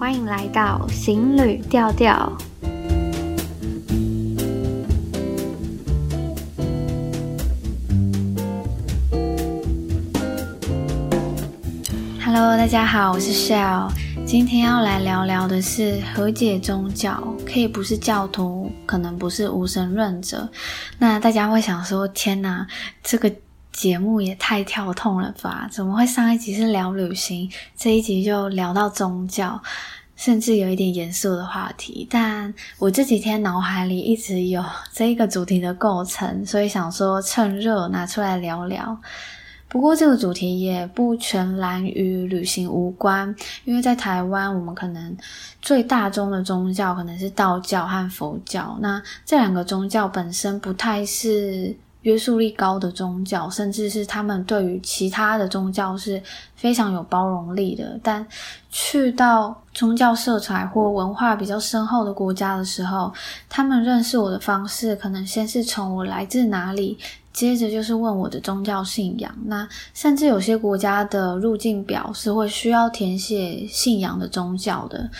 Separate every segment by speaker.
Speaker 1: 歡迎來到行旅調調。Hello，大家好，我是 Shell，今天要來聊聊的是和解宗教，可以不是教徒，可能不是無神論者。那大家會想說，天哪，這個。節目也太跳痛了吧？怎麼會上一集是聊旅行，這一集就聊到宗教，甚至有一點嚴肅的話題。但我這幾天腦海裡一直有這一個主題的構成，所以想說趁熱拿出來聊聊。不過這個主題也不全然與旅行無關，因為在台灣，我們可能最大宗的宗教可能是道教和佛教。那這兩個宗教本身不太是。約束力高的宗教，甚至是他們對於其他的宗教是非常有包容力的。但去到宗教色彩或文化比較深厚的國家的時候，他們認識我的方式，可能先是從我來自哪裡，接着就是問我的宗教信仰。那甚至有些國家的入境表是會需要填寫信仰的宗教的。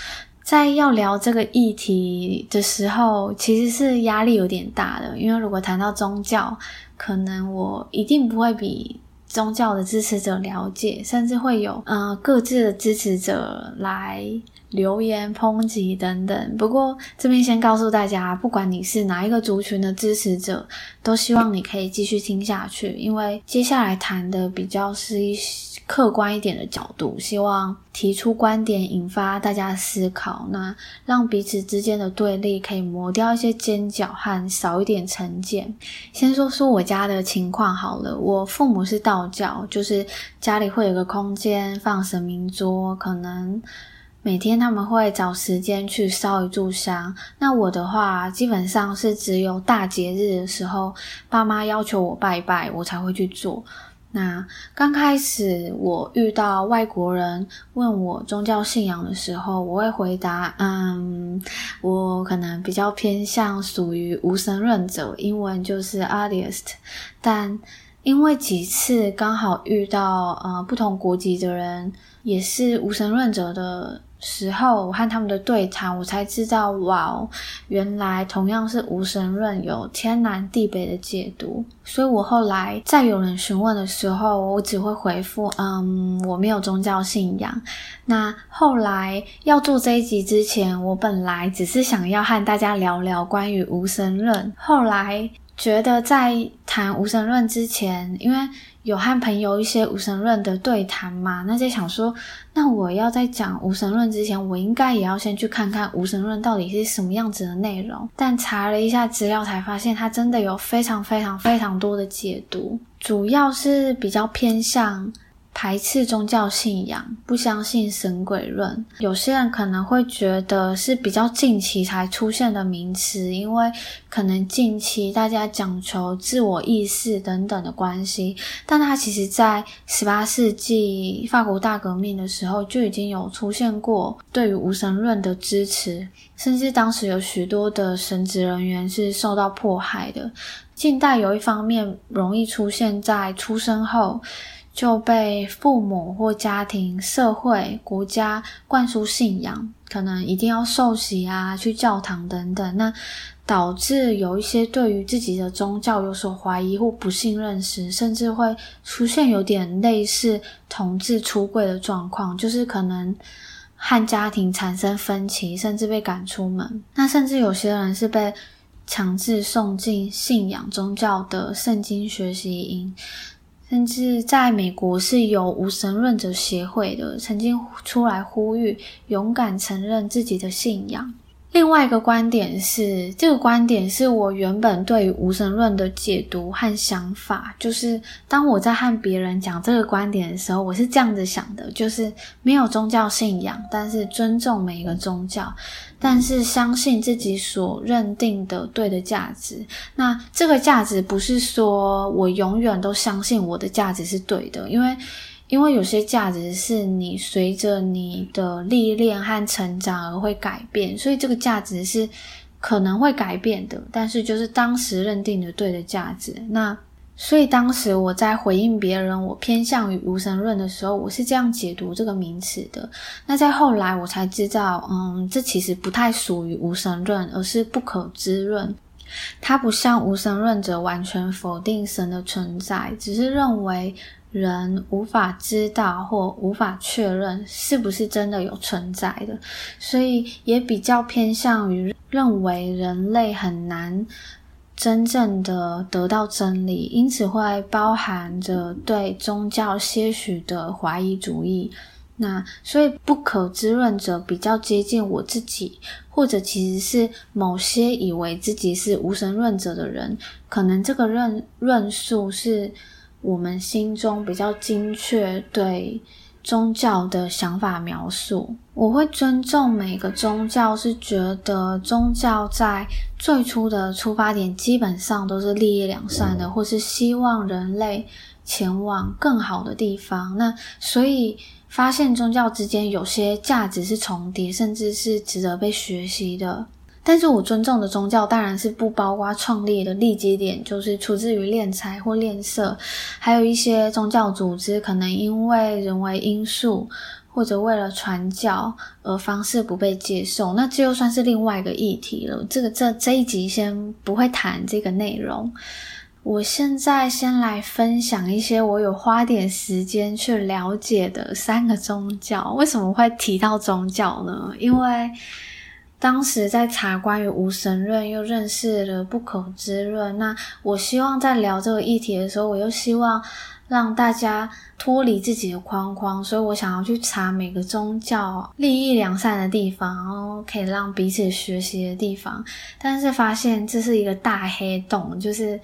Speaker 1: 在要聊這個議題的時候，其實是壓力有點大的，因為如果談到宗教，可能我一定不會比宗教的支持者了解，甚至會有，呃，各自的支持者來留言，抨擊等等。不過，這邊先告訴大家，不管你是哪一個族群的支持者，都希望你可以繼續聽下去，因為接下來談的比較是一些。客觀一點的角度，希望提出觀點，引發大家的思考。那讓彼此之間的對立可以磨掉一些尖角和少一點成見。先說說我家的情況好了，我父母是道教，就是家裡會有個空間放神明桌，可能每天他們會找時間去燒一炷香。那我的話，基本上是只有大節日的時候，爸媽要求我拜拜，我才會去做。那剛開始我遇到外國人問我宗教信仰的時候，我會回答：嗯，我可能比較偏向屬於無神論者，英文就是 atheist。但因為幾次剛好遇到呃不同國籍的人，也是無神論者的。時候，我和他們的對談，我才知道哇哦，原來同樣是無神論，有天南地北的解讀。所以我後來在有人詢問的時候，我只會回復嗯，我沒有宗教信仰。那後來要做這一集之前，我本來只是想要和大家聊聊關於無神論，後來。覺得在談無神論之前，因為有和朋友一些無神論的對談嘛，那些想說，那我要在講無神論之前，我應該也要先去看看無神論到底是什麼樣子的內容。但查了一下資料，才發現它真的有非常非常非常多的解讀，主要是比較偏向。排斥宗教信仰，不相信神鬼論。有些人可能會覺得是比較近期才出現的名詞，因為可能近期大家講求自我意識等等的關係。但它其實，在十八世紀法國大革命的時候，就已經有出現過對於無神論的支持，甚至當時有許多的神職人員是受到迫害的。近代有一方面容易出現在出生後。就被父母或家庭、社會、國家灌輸信仰，可能一定要受洗啊，去教堂等等。那導致有一些對於自己的宗教有所懷疑或不信任時，甚至會出現有點類似同志出櫃的狀況，就是可能和家庭產生分歧，甚至被趕出門。那甚至有些人是被強制送進信仰宗教的聖經學習營。甚至在美國是有無神論者協會的，曾經出來呼籲，勇敢承認自己的信仰。另外一個觀點是，這個觀點是我原本對於無神論的解讀和想法，就是當我在和別人講這個觀點的時候，我是這樣子想的，就是沒有宗教信仰，但是尊重每一個宗教。但是相信自己所認定的對的價值，那這個價值不是說我永遠都相信我的價值是對的，因為，因為有些價值是你隨着你的歷練和成長而會改變，所以這個價值是可能會改變的，但是就是當時認定的對的價值，那。所以當時我在回應別人，我偏向於無神論的時候，我是這樣解讀這個名詞的。那在後來我才知道，嗯，這其實不太屬於無神論，而是不可知論。它不像無神論者完全否定神的存在，只是認為人無法知道或無法確認是不是真的有存在的。所以也比較偏向於認為人類很難真正的得到真理，因此會包含着對宗教些許的懷疑主義。那所以不可知論者比較接近我自己，或者其實是某些以為自己是無神論者的人，可能這個論論述是我們心中比較精確對。宗教的想法描述，我會尊重每個宗教，是覺得宗教在最初的出發點基本上都是立意良善的，或是希望人類前往更好的地方。那所以發現宗教之間有些價值是重疊，甚至是值得被學習的。但是我尊重的宗教當然是不包括創立的立基點，就是出自於斂財或斂色，還有一些宗教組織可能因為人為因素或者為了傳教而方式不被接受，那這又算是另外一個議題了。這個這這一集先不會談這個內容。我現在先來分享一些我有花點時間去了解的三個宗教。為什麼會提到宗教呢？因為。當時在查關於無神論，又認識了不可知論。那我希望在聊這個議題的時候，我又希望讓大家脫離自己的框框，所以我想要去查每個宗教利益良善的地方，然後可以讓彼此學習的地方。但是發現這是一個大黑洞，就是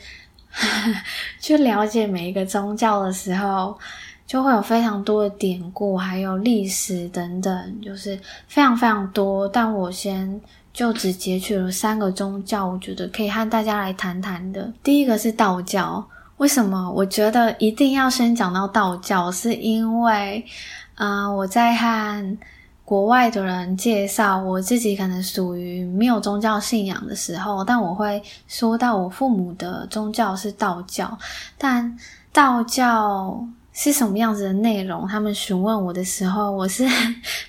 Speaker 1: 去 了解每一個宗教的時候。就會有非常多的典故，還有歷史等等，就是非常非常多。但我先就只截取了三個宗教，我覺得可以和大家來談談的。第一個是道教，為什麼我覺得一定要先講到道教？是因為，嗯，呃，我在和國外的人介紹我自己，可能屬於沒有宗教信仰的時候，但我會說到我父母的宗教是道教，但道教。是什麼樣子的內容？他們詢問我的時候，我是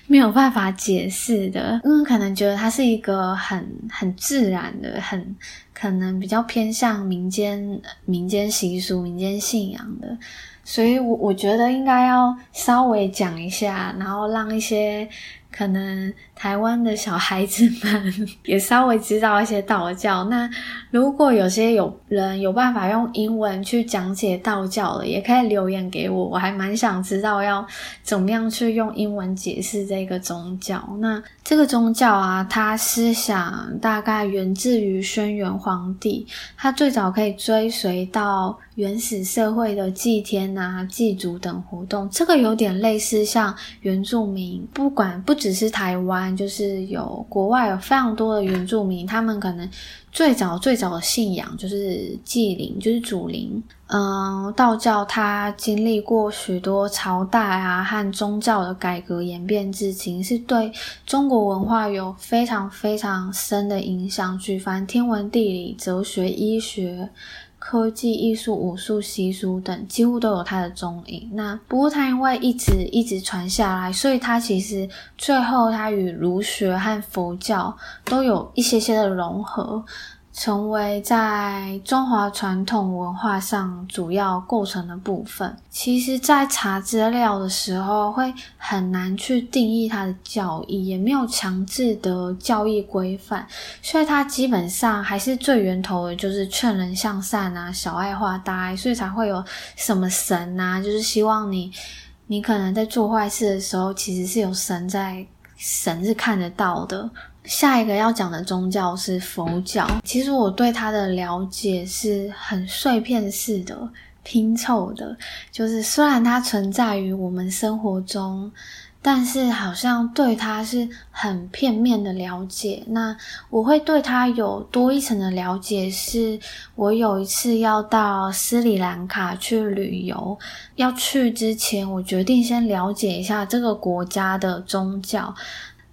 Speaker 1: 沒有辦法解釋的。因為，嗯，可能覺得它是一個很很自然的，很可能比較偏向民間民間習俗、民間信仰的，所以我，我我覺得應該要稍微講一下，然後讓一些。可能台灣的小孩子們也稍微知道一些道教。那如果有些有人有辦法用英文去講解道教的，也可以留言給我，我還蠻想知道要怎麼樣去用英文解釋這個宗教。那這個宗教啊，它思想大概源自於軒轅黃帝，它最早可以追隨到。原始社會的祭天吶、啊、祭祖等活動，這個有點類似像原住民，不管，不只是台灣，就是有國外有非常多的原住民，他們可能最早最早的信仰就是祭靈，就是祖靈。嗯，道教它經歷過許多朝代啊和宗教的改革演變之情，至今是對中國文化有非常非常深的影響，舉凡天文地理、哲學、醫學。科技、藝術、武術、習俗等，幾乎都有它的蹤影。那不過它因為一直一直傳下來，所以它其實最後它與儒學和佛教都有一些些的融合。成為在中華傳統文化上主要構成的部分，其實，在查資料的時候，會很難去定義它的教義，也沒有強制的教義規範，所以它基本上還是最源頭的就是勸人向善啊，小愛化大愛，所以才會有什麼神啊，就是希望你，你可能在做壞事的時候，其實是有神在，神是看得到的。下一個要講的宗教是佛教。其實我對它的了解是很碎片式的，拼湊的，就是雖然它存在於我們生活中，但是好像對它是很片面的了解。那我會對它有多一層的了解是，是我有一次要到斯里蘭卡去旅遊，要去之前，我決定先了解一下這個國家的宗教。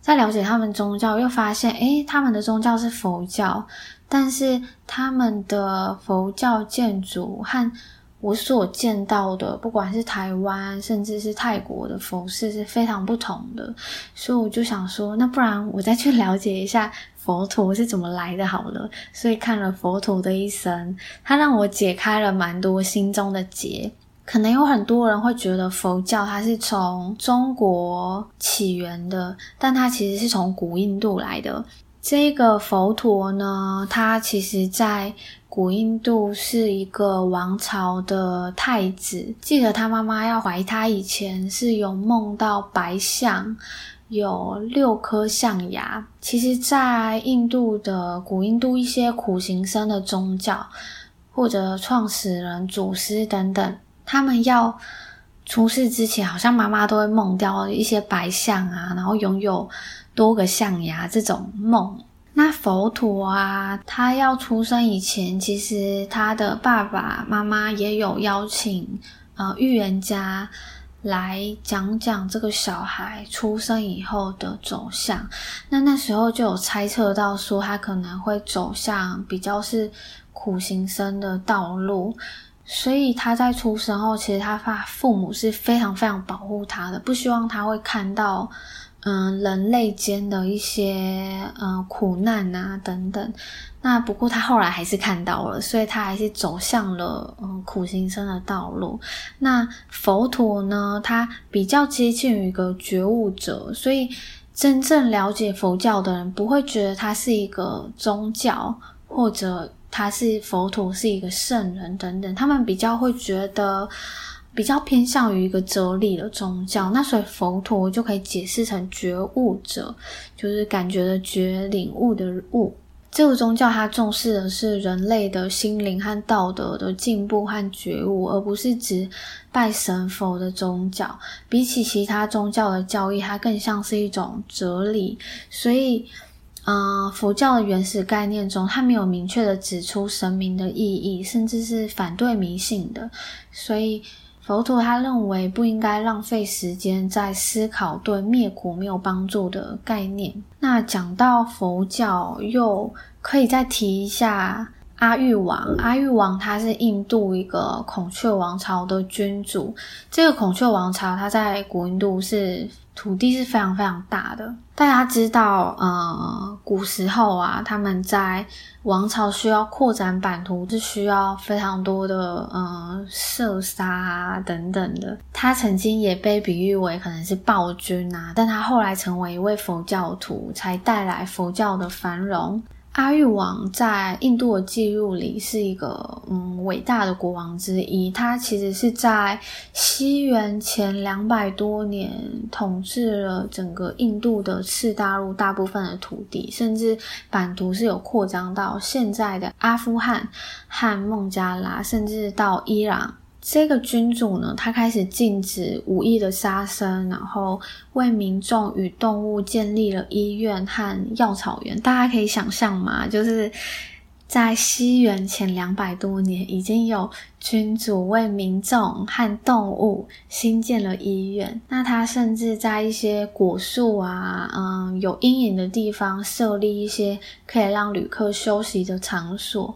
Speaker 1: 在了解他們宗教，又發現，誒、欸、他們的宗教是佛教，但是他們的佛教建築和我所見到的，不管是台灣甚至是泰國的佛寺是非常不同的。所以我就想說，那不然我再去了解一下佛陀是怎麼來的好了。所以看了《佛陀的一生》，他讓我解開了蠻多心中的結。可能有很多人會覺得佛教它是從中國起源的，但它其實是從古印度來的。這個佛陀呢，他其實，在古印度是一個王朝的太子。記得他媽媽要懷疑他以前是有夢到白象，有六顆象牙。其實，在印度的古印度一些苦行僧的宗教或者創始人、祖師等等。他們要出世之前，好像媽媽都會夢到一些白象啊，然後擁有多個象牙這種夢。那佛陀啊，他要出生以前，其實他的爸爸媽媽也有邀請呃預言家來講講這個小孩出生以後的走向。那那時候就有猜測到說，他可能會走向比較是苦行僧的道路。所以他在出生後，其實他發，父母是非常非常保護他的，不希望他會看到，嗯，人類間的一些嗯苦難啊等等。那不過他後來還是看到了，所以他還是走向了嗯苦行僧的道路。那佛陀呢，他比較接近於一個覺悟者，所以真正了解佛教的人不會覺得他是一個宗教或者。他是佛陀，是一個聖人等等，他們比較會覺得比較偏向於一個哲理的宗教。那所以佛陀就可以解釋成覺悟者，就是感覺的覺，領悟的悟。這個宗教它重視的是人類的心靈和道德的進步和覺悟，而不是指拜神佛的宗教。比起其他宗教的教義，它更像是一種哲理。所以。啊、嗯，佛教的原始概念中，它沒有明確地指出神明的意義，甚至是反對迷信的。所以，佛陀他認為不應該浪費時間在思考對滅苦沒有幫助的概念。那講到佛教，又可以再提一下阿育王。阿育王他是印度一個孔雀王朝的君主。這個孔雀王朝，他在古印度是。土地是非常非常大的，大家知道，呃、嗯，古時候啊，他們在王朝需要擴展版圖是需要非常多的，呃、嗯，射殺啊等等的。他曾經也被比喻為可能是暴君啊，但他後來成為一位佛教徒，才帶來佛教的繁榮。阿育王在印度的記錄裡是一個嗯偉大的國王之一，他其實是在西元前兩百多年統治了整個印度的次大陸大部分的土地，甚至版圖是有擴張到現在的阿富汗和孟加拉，甚至到伊朗。這個君主呢，他開始禁止無意的殺生，然後為民眾與動物建立了醫院和藥草園。大家可以想象嘛，就是在西元前兩百多年，已經有君主為民眾和動物新建了醫院。那他甚至在一些果樹啊，嗯，有陰影的地方設立一些可以讓旅客休息的場所。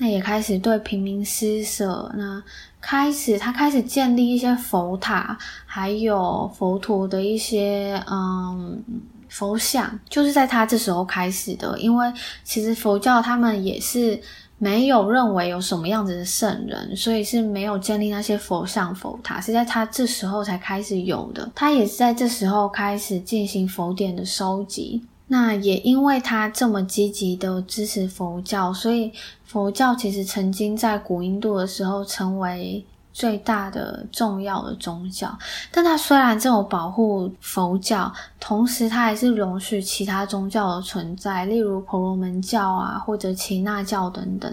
Speaker 1: 那也開始對平民施舍。那開始，他開始建立一些佛塔，還有佛陀的一些嗯佛像，就是在他這時候開始的。因為其實佛教他們也是沒有認為有什麼樣子的聖人，所以是沒有建立那些佛像、佛塔，是在他這時候才開始有的。他也是在這時候開始進行佛典的收集。那也因為他這麼積極的支持佛教，所以佛教其實曾經在古印度的時候成為最大的重要的宗教。但他雖然這種保護佛教，同時他還是容許其他宗教的存在，例如婆羅門教啊或者耆那教等等。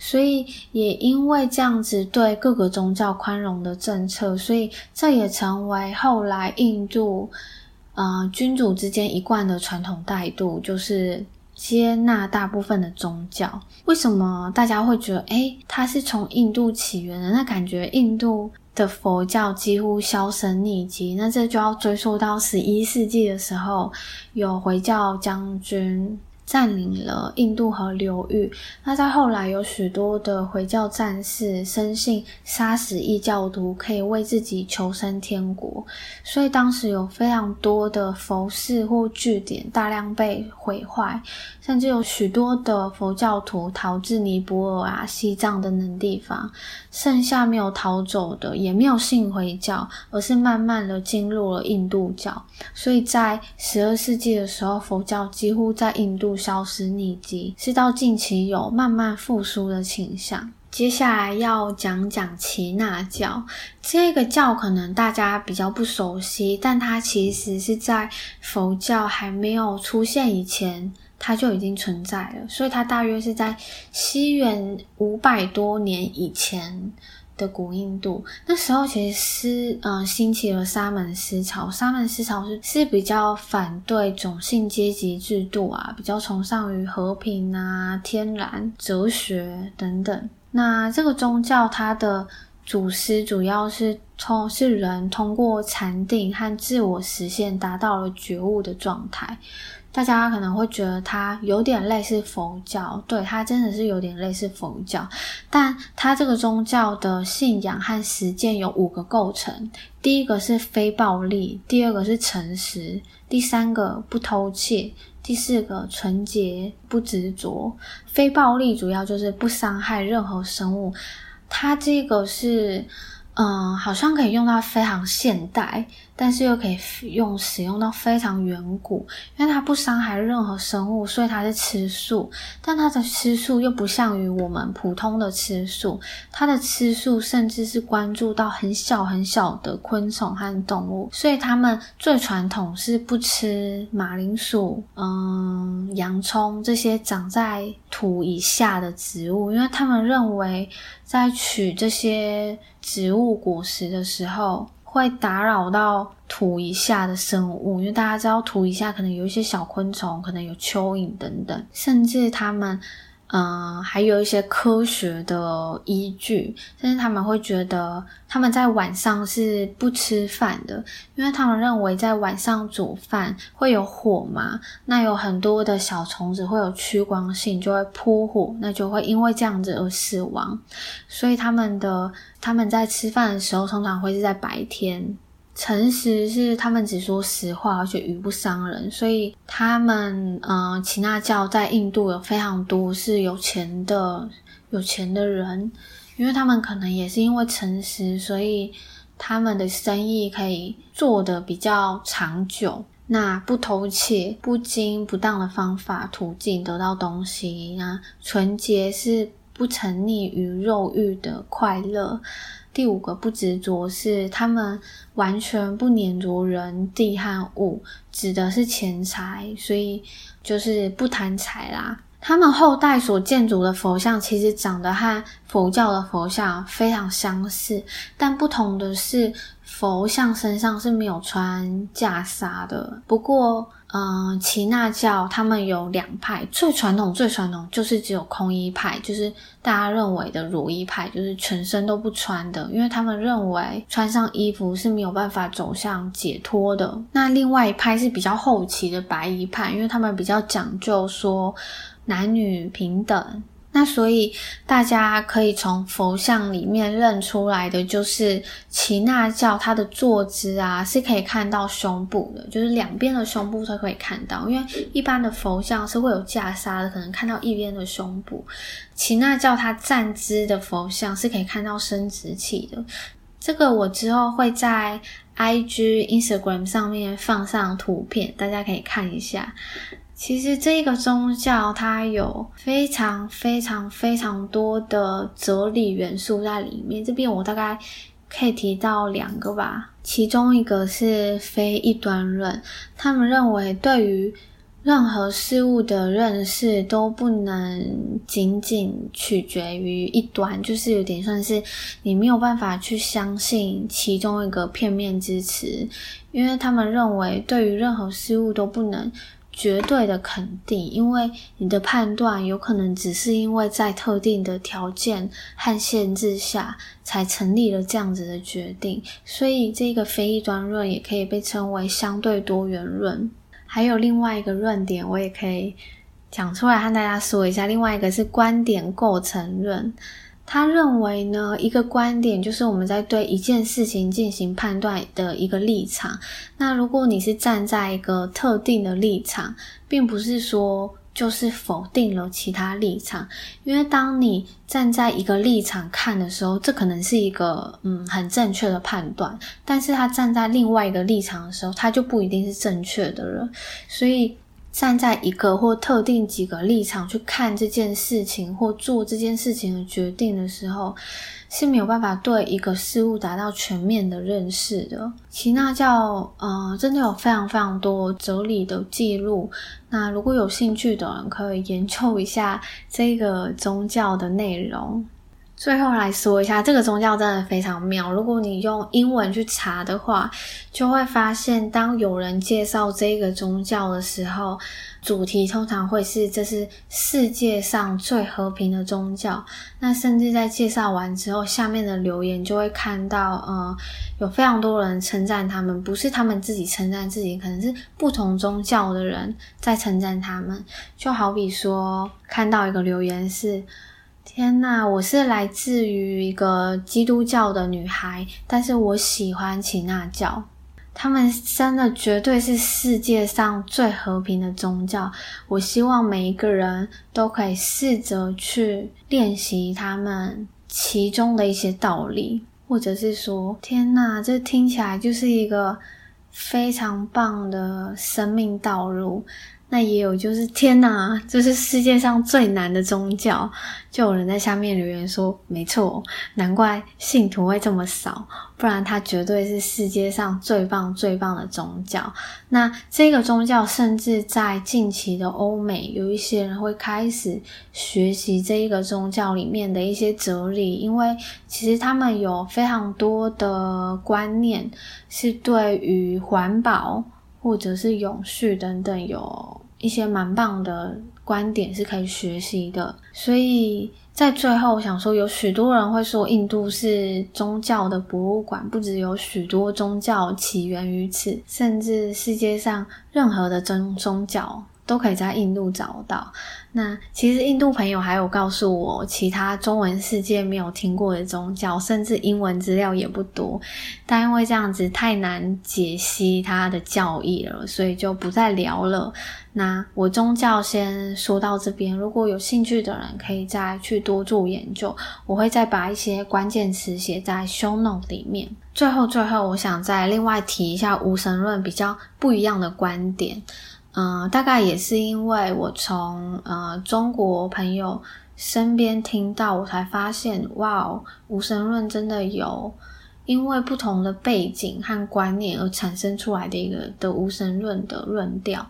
Speaker 1: 所以也因為這樣子對各個宗教寬容的政策，所以這也成為後來印度。啊、呃，君主之間一貫的傳統態度就是接納大部分的宗教。為什麼大家會覺得，哎，他是從印度起源的？那感覺印度的佛教幾乎銷聲匿跡。那這就要追溯到十一世紀的時候，有回教將軍。佔領了印度河流域。那在後來有許多的回教戰士深信殺死異教徒可以為自己求生天國，所以當時有非常多的佛寺或據點大量被毀壞，甚至有許多的佛教徒逃至尼泊爾啊、西藏等等地方。剩下沒有逃走的，也沒有信回教，而是慢慢的進入了印度教。所以在十二世紀的時候，佛教幾乎在印度。消失匿跡，是到近期有慢慢復甦的傾向。接下來要講講耆那教，這個教可能大家比較不熟悉，但它其實是在佛教還沒有出現以前，它就已經存在了，所以它大約是在西元五百多年以前。的古印度那時候其實是，嗯，興起了沙門思潮。沙門思潮是是比較反對種姓階級制度啊，比較崇尚於和平啊、天然、哲學等等。那這個宗教它的祖師主要是通是人通過禪定和自我實現，達到了覺悟的狀態。大家可能會覺得它有點類似佛教，對，它真的是有點類似佛教，但它這個宗教的信仰和實踐有五個構成：第一個是非暴力，第二個是誠實，第三個不偷竊，第四個純潔，不執着。非暴力主要就是不傷害任何生物。它這個是，嗯，好像可以用到非常現代。但是又可以用使用到非常遠古，因為它不傷害任何生物，所以它是吃素。但它的吃素又不像於我們普通的吃素，它的吃素甚至是關注到很小很小的昆蟲和動物。所以他們最傳統是不吃馬鈴薯、嗯、洋蔥這些長在土以下的植物，因為他們認為在取這些植物果實的時候，會打擾到土以下的生物，因為大家知道土以下可能有一些小昆蟲，可能有蚯蚓等等，甚至它們。嗯，還有一些科學的依據，但是他們會覺得他們在晚上是不吃飯的，因為他們認為在晚上煮飯會有火嘛，那有很多的小蟲子會有趨光性，就會撲火，那就會因為這樣子而死亡，所以他們的，他們在吃飯的時候通常會是在白天。誠實是他們只說實話，而且語不傷人，所以他們，嗯、呃，耆那教在印度有非常多是有錢的有錢的人，因為他們可能也是因為誠實，所以他們的生意可以做得比較長久。那不偷竊、不經不當的方法途徑得到東西，那純潔是不沉溺於肉欲的快樂。第五個不執着是他們完全不黏着人、地和物，指的是錢財，所以就是不貪財啦。他們後代所建築的佛像，其實長得和佛教的佛像非常相似，但不同的是，佛像身上是沒有穿袈裟的。不過，嗯，耆那教他們有兩派，最傳統、最傳統就是只有空衣派，就是大家認為的裸衣派，就是全身都不穿的，因為他們認為穿上衣服是沒有辦法走向解脫的。那另外一派是比較後期的白衣派，因為他們比較講究說。男女平等，那所以大家可以從佛像裡面認出來的就是耆那教，它的坐姿啊是可以看到胸部的，就是兩邊的胸部都可以看到。因為一般的佛像是會有袈裟的，可能看到一邊的胸部。耆那教它站姿的佛像是可以看到生殖器的，這個我之後會在 IG Instagram 上面放上圖片，大家可以看一下。其實這個宗教它有非常非常非常多的哲理元素在裡面。這邊我大概可以提到兩個吧，其中一個是非一端論，他們認為對於任何事物的認識都不能僅僅取決於一端，就是有點算是你沒有辦法去相信其中一個片面之詞，因為他們認為對於任何事物都不能。絕對的肯定，因為你的判斷有可能只是因為在特定的條件和限制下才成立了這樣子的決定，所以這個非異端論也可以被稱為相對多元論。還有另外一個論點，我也可以講出來和大家說一下。另外一個是觀點構成論。他認為呢，一個觀點就是我們在對一件事情進行判斷的一個立場。那如果你是站在一個特定的立場，並不是說就是否定了其他立場，因為當你站在一個立場看的時候，這可能是一個嗯很正確的判斷。但是他站在另外一個立場的時候，他就不一定是正確的了。所以。站在一個或特定幾個立場去看這件事情或做這件事情的決定的時候，是沒有辦法對一個事物達到全面的認識的。耆那教，呃，真的有非常非常多哲理的記錄。那如果有興趣的人，可以研究一下這個宗教的內容。最後來說一下，這個宗教真的非常妙。如果你用英文去查的話，就會發現，當有人介紹這個宗教的時候，主題通常會是這是世界上最和平的宗教。那甚至在介紹完之後，下面的留言就會看到，呃，有非常多人稱讚他們，不是他們自己稱讚自己，可能是不同宗教的人在稱讚他們。就好比說，看到一個留言是，天吶，我是來自於一個基督教的女孩，但是我喜歡耆那教。他們真的絕對是世界上最和平的宗教。我希望每一個人都可以試着去練習他們其中的一些道理，或者是說，天吶，這聽起來就是一個非常棒的生命道路。那也有，就是天哪，這是世界上最難的宗教。就有人在下面留言說：“沒錯，難怪信徒會這麼少，不然它絕對是世界上最棒、最棒的宗教。”那這個宗教甚至在近期的歐美，有一些人會開始學習這一個宗教裡面的一些哲理，因為其實他們有非常多的觀念是對於環保。或者是永續等等，有一些蠻棒的觀點是可以學習的。所以在最後，我想說，有許多人會說印度是宗教的博物館，不只有許多宗教起源於此，甚至世界上任何的宗宗教。都可以在印度找到。那其實印度朋友還有告訴我，其他中文世界沒有聽過的宗教，甚至英文資料也不多。但因為這樣子太難解析它的教義了，所以就不再聊了。那我宗教先說到這邊，如果有興趣的人可以再去多做研究。我會再把一些關鍵詞寫在 show note 裡面。最後，最後，我想再另外提一下無神論比較不一樣的觀點。嗯、呃，大概也是因為我從呃中國朋友身邊聽到，我才發現哇，無神論真的有因為不同的背景和觀念而產生出來的一個的無神論的論調。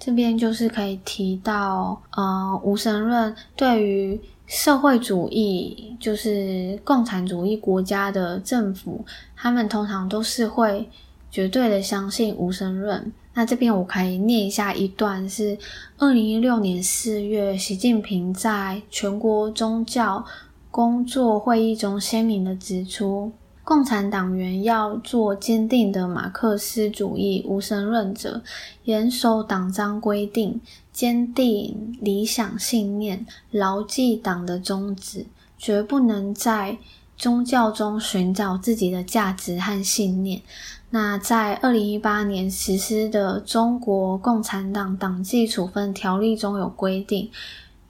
Speaker 1: 這邊就是可以提到，呃，無神論對於社會主義，就是共產主義國家的政府，他們通常都是會。絕對的相信無神論。那這邊我可以念一下一段：是二零一六年四月，習近平在全國宗教工作會議中鮮明地指出，共產黨員要做堅定的馬克思主義無神論者，嚴守黨章規定，堅定理想信念，牢記黨的宗旨，絕不能在宗教中尋找自己的價值和信念。那在二零一八年實施的《中國共產黨黨紀處分條例》中有規定，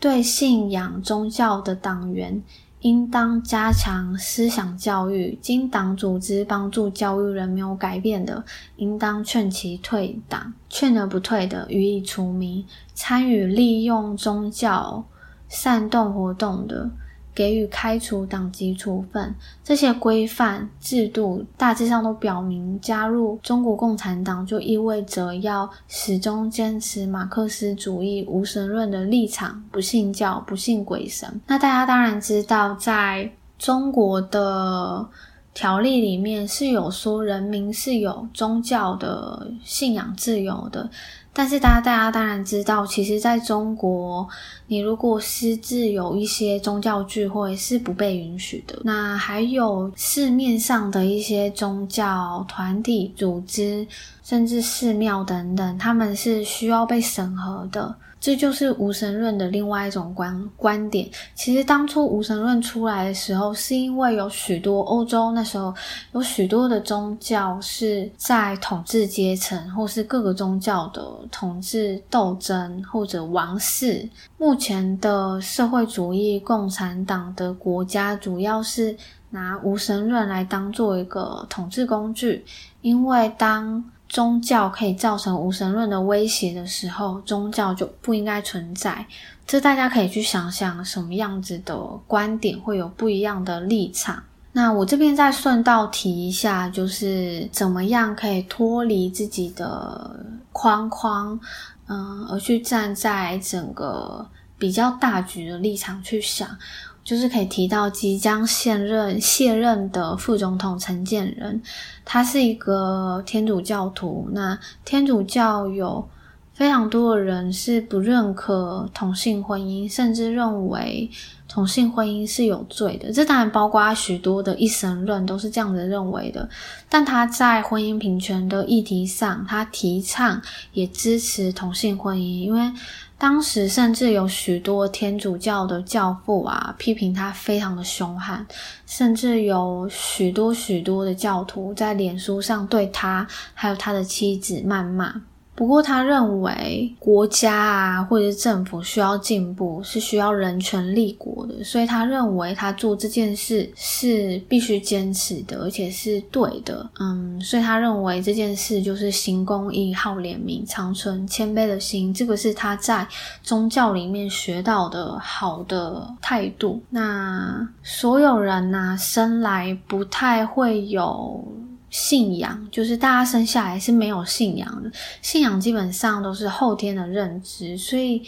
Speaker 1: 對信仰宗教的黨員，應當加強思想教育，經黨組織幫助教育仍沒有改變的，應當勸其退黨；勸而不退的，予以除名。參與利用宗教煽動活動的，給予開除黨籍處分，這些規範制度大致上都表明，加入中國共產黨就意味着要始終堅持馬克思主義無神論的立場，不信教，不信鬼神。那大家當然知道，在中國的條例裡面是有說，人民是有宗教的信仰自由的。但是，大家大家當然知道，其實，在中國，你如果私自有一些宗教聚會是不被允許的。那還有市面上的一些宗教團體、組織，甚至寺廟等等，他們是需要被審核的。這就是無神論的另外一種觀觀點。其實當初無神論出來的時候，是因為有許多歐洲那時候有許多的宗教是在統治階層，或是各個宗教的統治鬥爭，或者王室。目前的社會主義共產黨的國家主要是拿無神論來當做一個統治工具，因為當。宗教可以造成無神論的威脅的時候，宗教就不應該存在。這大家可以去想想，什麼樣子的觀點會有不一樣的立場。那我這邊再順道提一下，就是怎麼樣可以脫離自己的框框，嗯，而去站在整個比較大局的立場去想。就是可以提到即將現任卸任的副總統陳建仁，他是一個天主教徒。那天主教有非常多的人是不認可同性婚姻，甚至認為同性婚姻是有罪的。這當然包括許多的一神論都是這樣子認為的。但他在婚姻平權的議題上，他提倡也支持同性婚姻，因為當時甚至有許多天主教的教父啊，批評他非常的凶悍，甚至有許多許多的教徒在臉書上對他還有他的妻子謾罵。不過，他認為國家啊，或者是政府需要進步，是需要人權立國的，所以他認為他做這件事是必須堅持的，而且是對的。嗯，所以他認為這件事就是行公義、好憐憫、長存謙卑的心，這個是他在宗教裡面學到的好的態度。那所有人啊，生來不太會有。信仰就是大家生下來是沒有信仰的，信仰基本上都是後天的認知，所以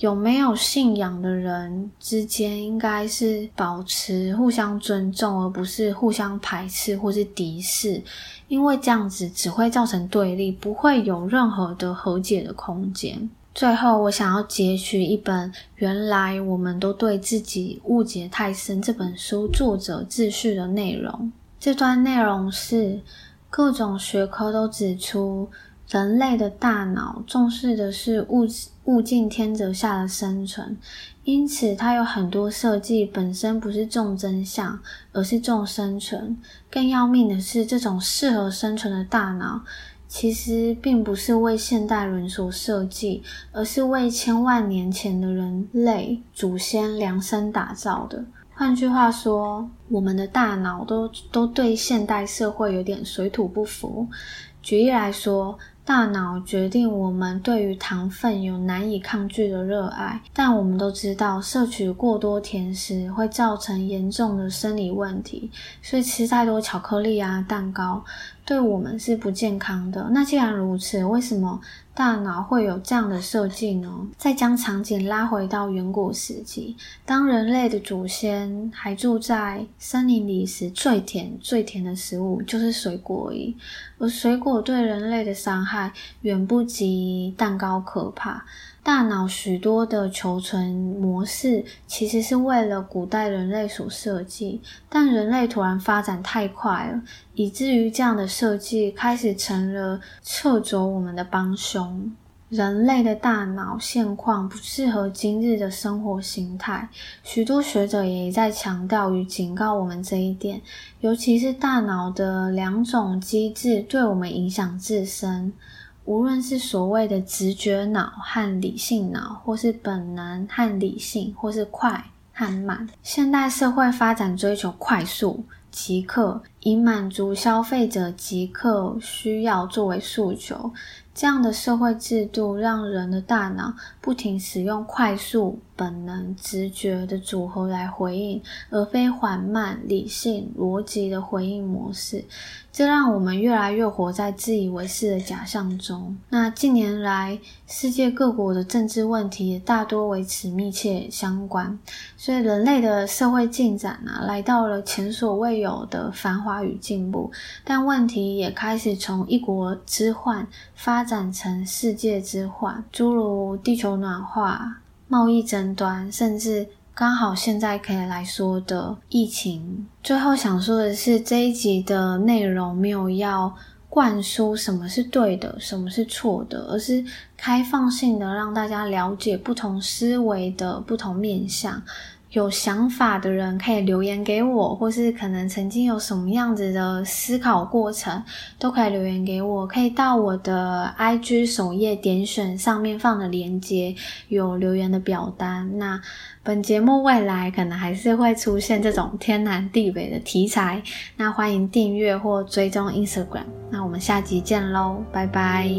Speaker 1: 有沒有信仰的人之間應該是保持互相尊重，而不是互相排斥或是敵視，因為這樣子只會造成對立，不會有任何的和解的空間。最後，我想要截取一本《原來我們都對自我誤解太深》這本書作者自序的內容。這段內容是各種學科都指出，人類的大腦重視的是物物競天擇下的生存，因此它有很多設計本身不是重真相，而是重生存。更要命的是，這種適合生存的大腦，其實並不是為現代人所設計，而是為千萬年前的人類祖先量身打造的。換句話說，我們的大腦都都對現代社會有點水土不服。舉例來說，大腦決定我們對於糖分有難以抗拒的熱愛，但我們都知道攝取過多甜食會造成嚴重的生理問題，所以吃太多巧克力啊、蛋糕。對我們是不健康的。那既然如此，為什麼大腦會有這樣的設計呢？再將場景拉回到遠古時期，當人類的祖先還住在森林裡時，最甜最甜的食物就是水果而已。而水果對人類的傷害，遠不及蛋糕可怕。大腦許多的求存模式，其實是為了古代人類所設計，但人類突然發展太快了，以至於這樣的設計開始成了掣肘我們的幫凶。人類的大腦現況不適合今日的生活形態，許多學者也一再強調與警告我們這一點，尤其是大腦的兩種機制對我們影響至深。無論是所謂的直覺腦和理性腦，或是本能和理性，或是快和慢。現代社會發展追求快速、即刻，以滿足消費者即刻需要作為訴求，這樣的社會制度讓人的大腦不停使用快速本能、直覺的組合來回應，而非緩慢、理性、邏輯的回應模式。這讓我們越來越活在自以為是的假象中。那近年來，世界各國的政治問題也大多維持密切相關，所以人類的社會進展啊，來到了前所未有的繁華與進步。但問題也開始從一國之患發展成世界之患，諸如地球暖化。貿易爭端，甚至剛好現在可以來說的疫情。最後想說的是，這一集的內容沒有要灌輸什麼是對的，什麼是錯的，而是開放性的讓大家了解不同思維的不同面向。有想法的人可以留言給我，或是可能曾經有什麼樣子的思考過程，都可以留言給我。可以到我的 IG 首頁點選上面放的鏈接，有留言的表單。那本節目未來可能還是會出現這種天南地北的題材，那歡迎訂閱或追蹤 Instagram。那我們下集見嘍，拜拜。